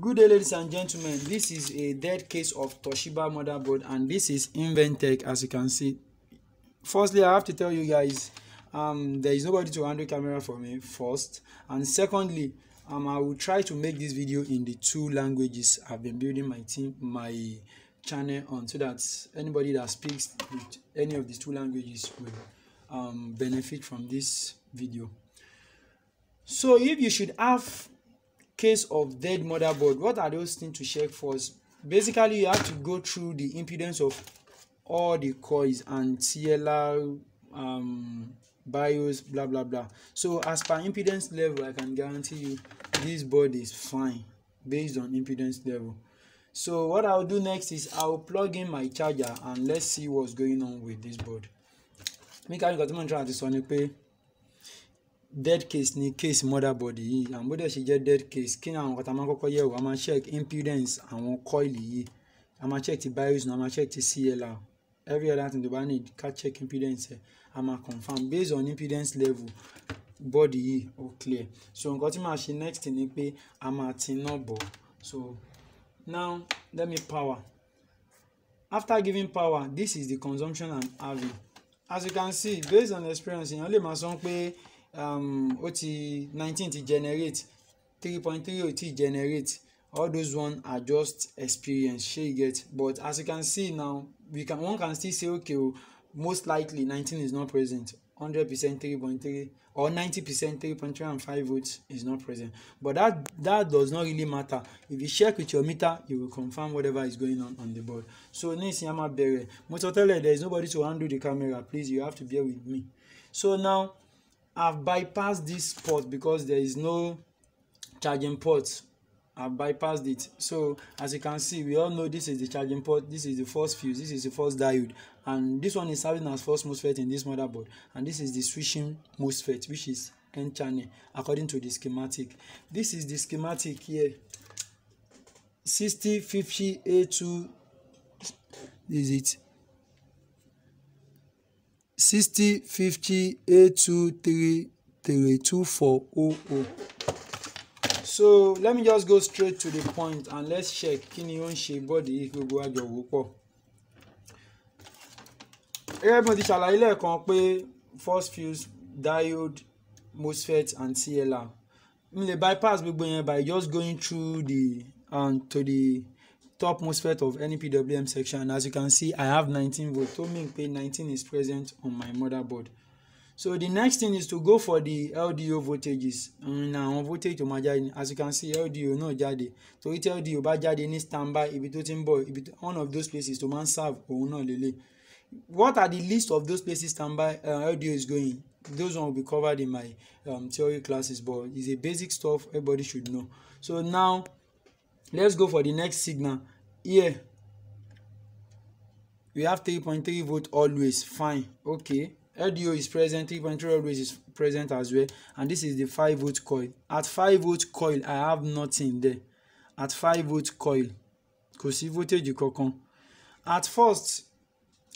Good day ladies and gentlemen, this is a dead case of Toshiba motherboard and this is Inventec as you can see. Firstly, I have to tell you guys, um, there is nobody to handle camera for me first and secondly, um, I will try to make this video in the two languages I've been building my team, my channel on so that anybody that speaks any of these two languages will um, benefit from this video. So if you should have case of dead motherboard what are those things to check first basically you have to go through the impedance of all the coils and TL, um, BIOS blah blah blah so as per impedance level I can guarantee you this board is fine based on impedance level so what I'll do next is I'll plug in my charger and let's see what's going on with this board. Make sure you got ń try àti sọ ni dead case ni case mother body yìí àwọn bó dẹ̀ ṣe jẹ́ dead case kí ni àwọn kan tá a máa kọ́kọ́ yẹ̀wò a máa check impedance àwọn coil yìí a máa check ti bios náà a máa check ti CLR every other thing tó bá need ká check impedance ẹ̀ a máa confirm based on impedance level body yìí ó clear so nǹkan tí màá ṣe next ni pé a máa ti iná bọ̀ so now let me power after giving power this is the consumption i'm having as you can see based on experience èèyàn lè máa sọ pé um, ó ti nineteen ti generate three point three ó ti generate all those one are just experience shey you get but as you can see now we can one can still say okay o oh, most likely nineteen is not present hundred percent three point three or ninety percent three point three and five volts is not present but that that does not really matter if you check with your meter you will confirm whatever is going on on the board so nísìnyí a máa bẹ̀rẹ̀ mo sọ tẹ́lẹ̀ there is nobody to handle the camera please you have to bear with me so now I've bypassed this port because there is no charging port I've bypassed it so as you can see we all know this is the charging port this is the first fuse this is the first diode and this one is serving as first MOSFET in this motherboard and this is the switching MOSFET which is n channel according to the schematic this is the schematic here 60 50 A2 is it sixty fifty eight two three three two four oh oh. so let me just go straight to the point and let's check kí ni ó ń ṣe bọ́ọ̀dì yìí gbogbo àjọ wò pọ̀. gẹ́gẹ́ bí mo ti ṣàlàyé lẹ́ẹ̀kan pé first fuse diode MOSFET and CLR mo lè bypass gbogbo yẹn by just going through the um, to the topmost first of any PWM section and as you can see I have 19 volt tó mean pé 19 is present on my motherboard so the next thing is to go for the LDO voltages na àwọn voltage to máa jáde as you can see LDO náà jáde torí tí LDO bá jáde ní standby ibi tó ti ń bọ̀ ibi one of those places to máa ń serve òun náà lele. what are the list of those places standby uh, LDO is going those one will be covered in my um, theory classes but it's a basic stuff everybody should know so now let's go for the next signal here we have 3.3 volt always fine okay LDO is present 3.3 always is present as well and this is the 5 volt coil at 5 volt coil I have nothing there at 5 volt coil kò sí voltage kankan at first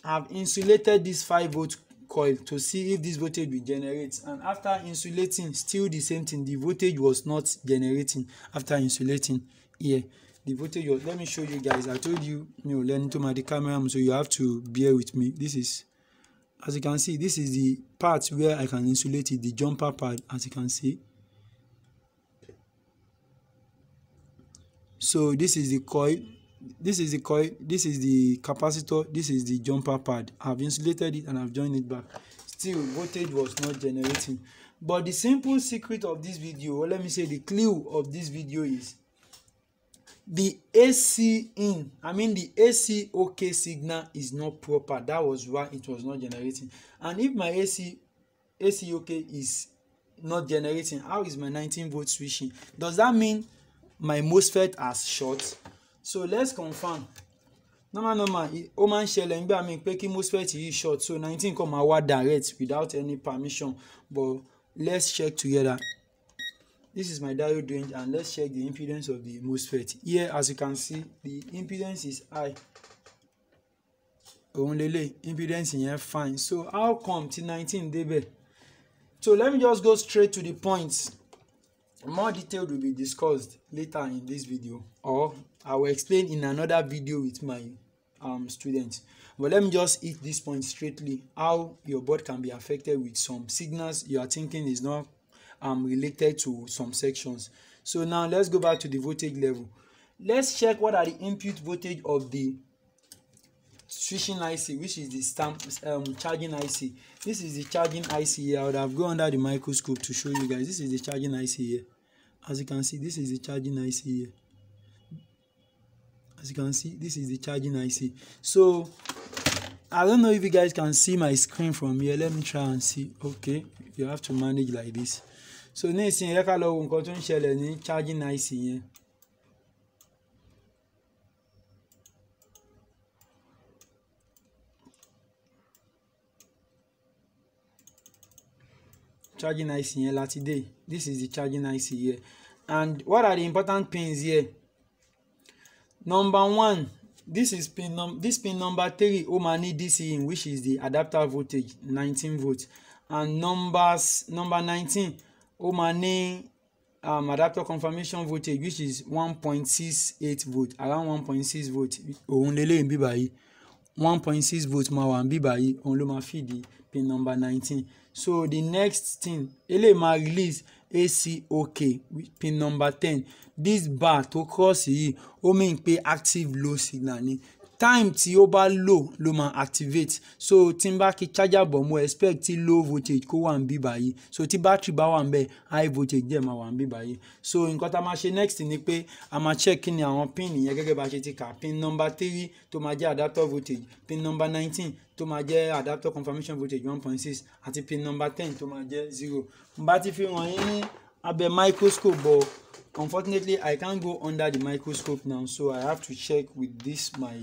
I've insulated this 5 volt coil to see if this voltage will generate and after insulating still the same thing the voltage was not generating after insulating here the voltage was, let me show you guys i told you you know learning to my the camera so you have to bear with me this is as you can see this is the part where i can insulate it the jumper part as you can see so this is the coil this is the coil this is the capacitor this is the jumper pad i've insulated it and i've joined it back still voltage was not generating but the simple secret of this video or let me say the clue of this video is the ac in i mean the ac okay signal is not proper that was why it was not generating and if my ac ac okay is not generating how is my 19 volt switching does that mean my mosfet has short so let's confirm normal normal ó máa ń ṣẹlẹ̀ nígbà míì pé kí MOSFET yìí short so nineteen kan máa wá direct without any permission but let's check together this is my diode range and let's check the impedance of the MOSFET here as you can see the impedance is high òun lele impedance yẹn fine so how come ti nineteen débẹ̀ so let me just go straight to the point more detail will be discussed later in this video or I will explain in another video with my um, students. But let me just hit this point straightly, how your board can be affected with some signals you are thinking is not um, related to some sections. So now let's go back to the voltage level. Let's check what are the input voltage of the switching IC, which is the stamp, um, charging IC. This is the charging IC here. I would have gone under the microscope to show you guys. This is the charging IC here. As you can see, this is the charging IC here as you can see this is the charging IC so I don't know if you guys can see my screen from here let me try and see okay you have to manage like this so nísìnyí ẹ ká lọ wo nǹkan tó ń charging IC here? charging IC here. láti day. this is the charging IC here and what are the important pins here Number one, this is pin num this pin number three ó máa ní DCin e, which is the adapter voltage nineteen volt and numbers number nineteen ó máa ní um, adapter confirmation voltage which is one point six eight volt around one point six volt òun leléyìn bí báyìí one point six volt máa wà bí báyìí òun ló máa feed pin number nineteen so the next thing ele máa release ACOK pin number ten. This bar tó kírọ́ọ̀sì yìí ó mean pé active low signal ni time tí ó bá lò ló máa activate so tí n bá kí charger bọ̀ mo expect tí low voltage kó wà ń bí báyìí so tí battery bá wà ń bẹ̀ high voltage díẹ̀ máa wà ń bí báyìí so nǹkan tá a máa ṣe next ni pé a máa check kí ni àwọn pin yẹn gẹ́gẹ́ bá ṣe ti kà pin number three tó máa jẹ́ adapter voltage pin number nineteen tó máa jẹ́ adapter confirmation voltage one point six àti pin number ten tó máa jẹ́ zero n bá ti fi hàn yín ní abẹ́ microscope bọ̀ unfortunately i can't go under the microscope now so i have to check with this my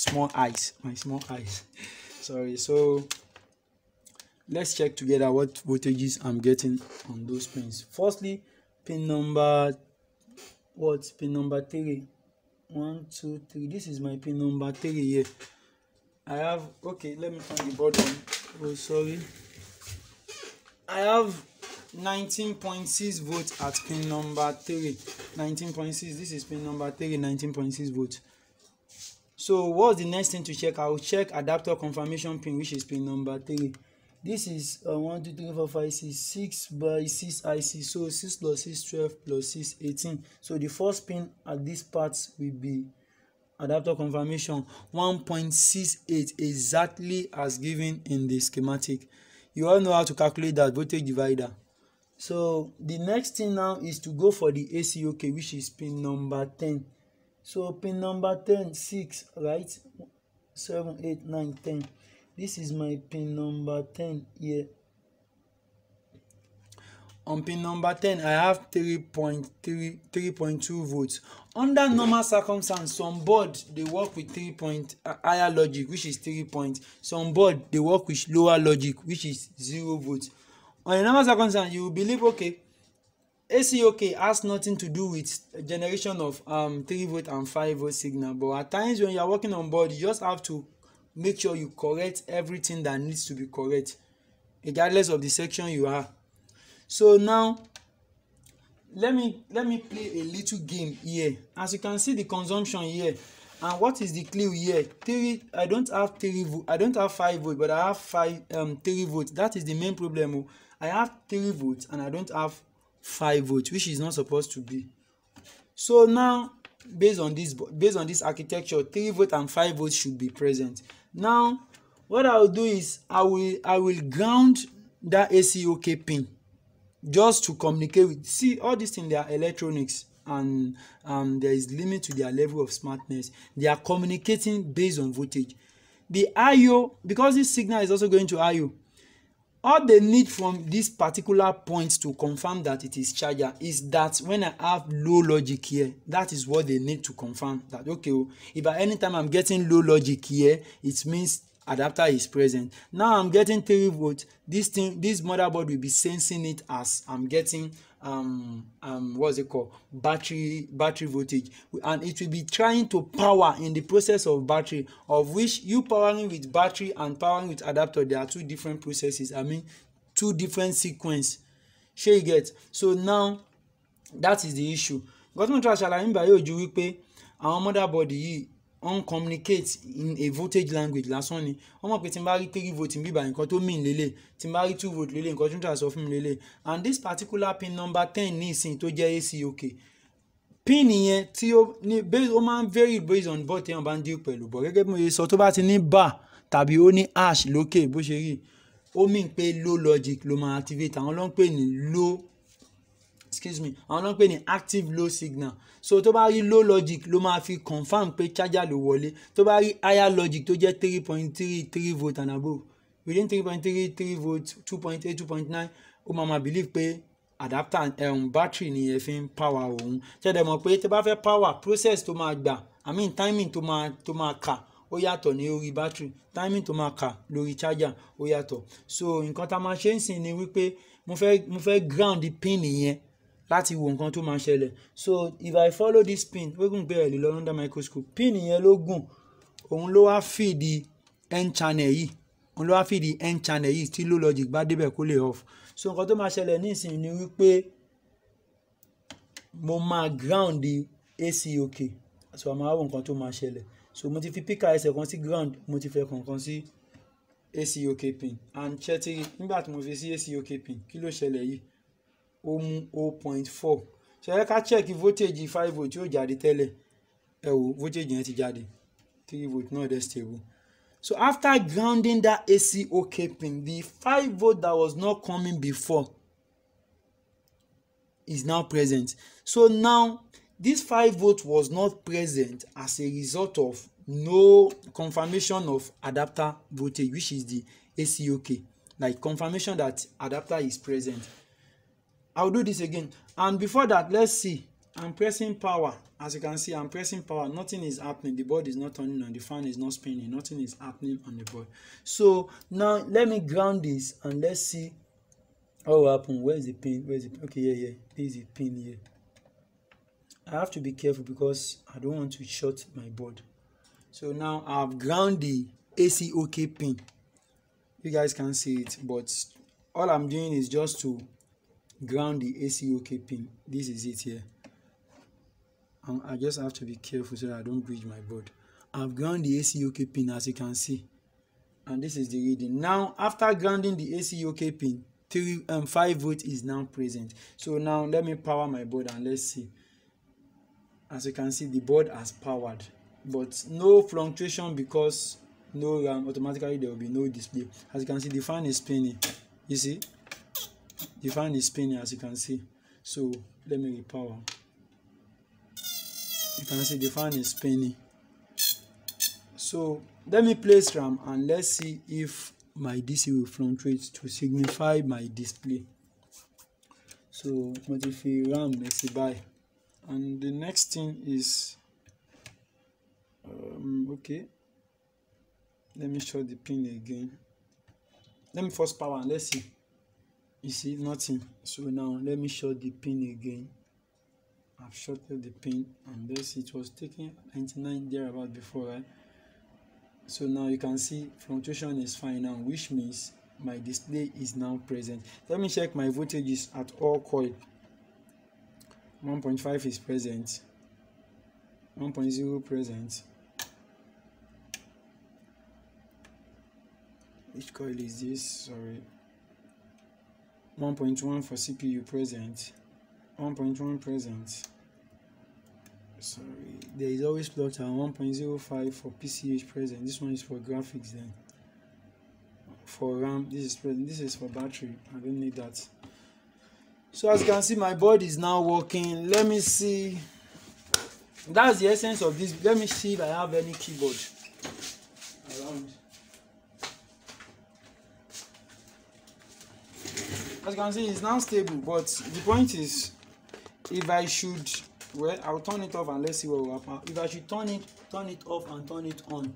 small eyes my small eyes sorry so let's check together what voltages i'm getting on those pins firstly pin number what pin number three one two three this is my pin number three here i have okay let me find the bottom oh sorry i have 19.6 volts at pin number 3 19.6 this is pin number 3 19.6 volts so what's the next thing to check i'll check adapter confirmation pin which is pin number three this is uh, 1 2 3 4 5 6 6 by 6 ic so 6 plus 6 12 plus 6 18 so the first pin at this part will be adapter confirmation 1.68 exactly as given in the schematic you all know how to calculate that voltage divider so the next thing now is to go for the acok which is pin number 10 So pin number 10, 6, right? 7, 8, 9, 10. This is my pin number 10 here. On pin number 10, I have 3.3, 3.2 volts. Under normal circumstances, some board, they work with 3 point uh, higher logic, which is 3 point. Some board, they work with lower logic, which is 0 volts. On a normal circumstance, you will believe, okay, ACOK has nothing to do with generation of um, 3 volt and 5 volt signal but at times when you are working on board you just have to make sure you correct everything that needs to be correct regardless of the section you are so now let me let me play a little game here as you can see the consumption here and what is the clue here three i don't have three volt i don't have five volt but i have five um three volt that is the main problem oh. i have three volt and i don't have 5 volts which is not supposed to be so now based on this based on this architecture 3 volt and 5 volts should be present now what i will do is i will i will ground that acok pin just to communicate with see all these things they are electronics and um, there is limit to their level of smartness they are communicating based on voltage the io because this signal is also going to io all they need from this particular point to confirm that it is charger is that when i have low logic here that is what they need to confirm that okay oh, if at any time i'm getting low logic here it means adapter is present now i'm getting three volt this thing this motherboard will be sensing it as i'm getting um um what's it called battery battery voltage and it will be trying to power in the process of battery of which you powering with battery and powering with adapter there are two different processes i mean two different sequence ṣé you get so now that is the issue gọ́tún tí a ṣàlàyé nígbà yóò ju wípé àwọn motherboard yìí on communicate in a voltage language lásán ni wọ́n mọ̀ pé tí n bá rí three volt n bíbá nǹkan tó mean lélẹ̀ tí n bá rí two volt lélẹ̀ nǹkan tó ń tà sọ fún mi lélẹ̀ and this particular pin number ten ní ìsìn tó jẹ́ ac ok pin yẹn tí ó ní base ó máa ń vary based on board téèyàn bá ń deal pẹ̀lú bọ̀ gẹ́gẹ́ bí mo ṣe sọ tó bá ti ní bar tàbí ó ní hash lókè bó ṣe rí ó pé low logic ló máa activate àwọn ló ń pè ní low excuse me àwọn náà ń pè ní active low signal so tó bá rí low logic ló máa fi confirm pé charger ló wọlé tó bá rí higher logic tó jẹ́ three point three three volt and above within three point three three volt two point eight two point nine ó máa máa believe pé adapter um, battery ni ẹ fi ń power òun ṣẹ̀dẹ̀ mọ̀ pé tó bá fẹ́ power process tó máa gbà i mean timing tó máa tó máa kà ó yàtọ̀ ní orí battery timing tó máa kà lórí charger ó yàtọ̀ so nǹkan tá a máa ṣe ń sìn ni wípé mo fẹ́ mo fẹ́ ground pin yẹn láti wo nǹkan tó máa ṣẹlẹ̀ so if i follow this pin wégùn gbé ẹ̀ lè lọ under microscope pin yẹn ló gùn òun ló wá feed n channel yìí òun ló wá feed n channel yìí tí low logic bá débẹ̀ kó lè off so nǹkan tó máa ṣẹlẹ̀ nísìnyí ni wípé mo máa ground ac òkè so àmọ́ àwọn nǹkan tó máa ṣẹlẹ̀ so mo ti fi píkà ẹsẹ̀ kan sí ground mo ti fẹ́ kọ̀ọ̀kan sí ac òkè pin and ṣẹ́tì nígbà tí mo fi sí ac òkè pin kí ló ṣẹlẹ̀ yìí ó mú oh point four ṣẹlẹ ká check voltage five volt yóò jáde tẹ́lẹ̀ ẹ wo voltage yẹn ti jáde three volt náà dẹ̀ stable so after grounding that AC OK pin the five volt that was not coming before is now present so now this five volt was not present as a result of no confirmation of adapter voltage which is the ACOK like confirmation that adapter is present I'll do this again. And before that, let's see. I'm pressing power. As you can see, I'm pressing power. Nothing is happening. The board is not turning on. The fan is not spinning. Nothing is happening on the board. So now let me ground this and let's see what will happen. Where is the pin? Where is the Okay, yeah, yeah. This is the pin here. I have to be careful because I don't want to short my board. So now I've ground the ACOK pin. You guys can see it, but all I'm doing is just to ground the ACOK pin. This is it here. And I just have to be careful so that I don't bridge my board. I've ground the ACOK pin as you can see. And this is the reading. Now, after grounding the ACOK pin, three um, 5 volt is now present. So now let me power my board and let's see. As you can see, the board has powered. But no fluctuation because no RAM, automatically there will be no display. As you can see, the fan is spinning. You see? The fan is spinning as you can see. So let me repower. You can see the fan is spinning. So let me place RAM and let's see if my DC will fluctuate to signify my display. So modify RAM let's see buy. And the next thing is um, okay. Let me show the pin again. Let me first power and let's see you see nothing so now let me short the pin again I've shorted the pin and this it was taking 99 there about before right so now you can see fluctuation is fine now which means my display is now present let me check my voltages at all coil 1.5 is present 1.0 present which coil is this sorry 1.1 for CPU present, 1.1 present. Sorry, there is always plot and 1.05 for PCH present. This one is for graphics then. For RAM, this is present. This is for battery. I don't need that. So as you can see, my board is now working. Let me see. That's the essence of this. Let me see if I have any keyboard. as you can see it's now stable but the point is if i should well i'll turn it off and let's see what will happen if i should turn it turn it off and turn it on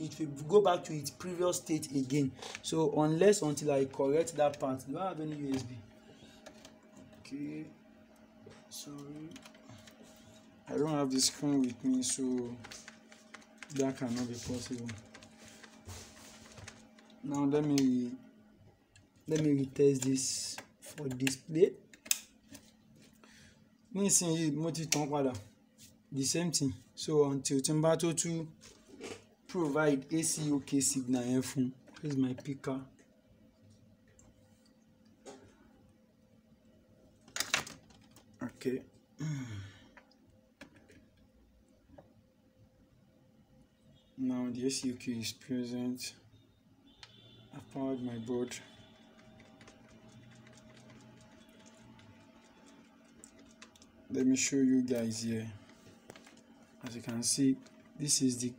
it will go back to its previous state again so unless until i correct that part do i have any usb okay sorry i don't have the screen with me so that cannot be possible now let me let me retest this for display nísìnyí mo ti tàn padà the same thing so until tí n bá tó tún provide AC OK signal yẹn fún this my picker. Okay. Now the SUQ is present. I've powered my board. let me show you guys here as you can see this is the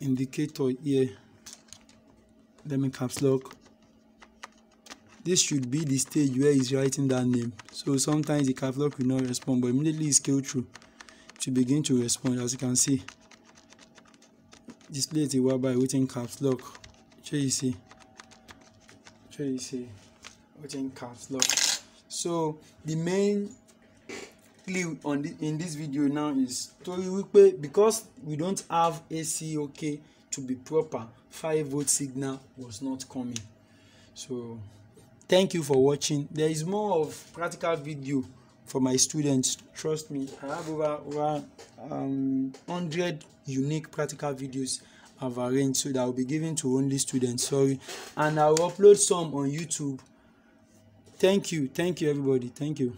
indicator here let me caps lock this should be the stage where it's writing that name so sometimes the caps lock will not respond but immediately it's scale through to begin to respond as you can see display the a by waiting caps lock sure you see sure you see waiting caps lock so the main quickly on the, in this video now is torí wípé because we don't have AC ACOK to be proper five volt signal was not coming so thank you for watching there is more of practical video for my students trust me I have over over um, hundred unique practical videos I've arranged so that will be given to only students sorry and I'll upload some on YouTube thank you thank you everybody thank you.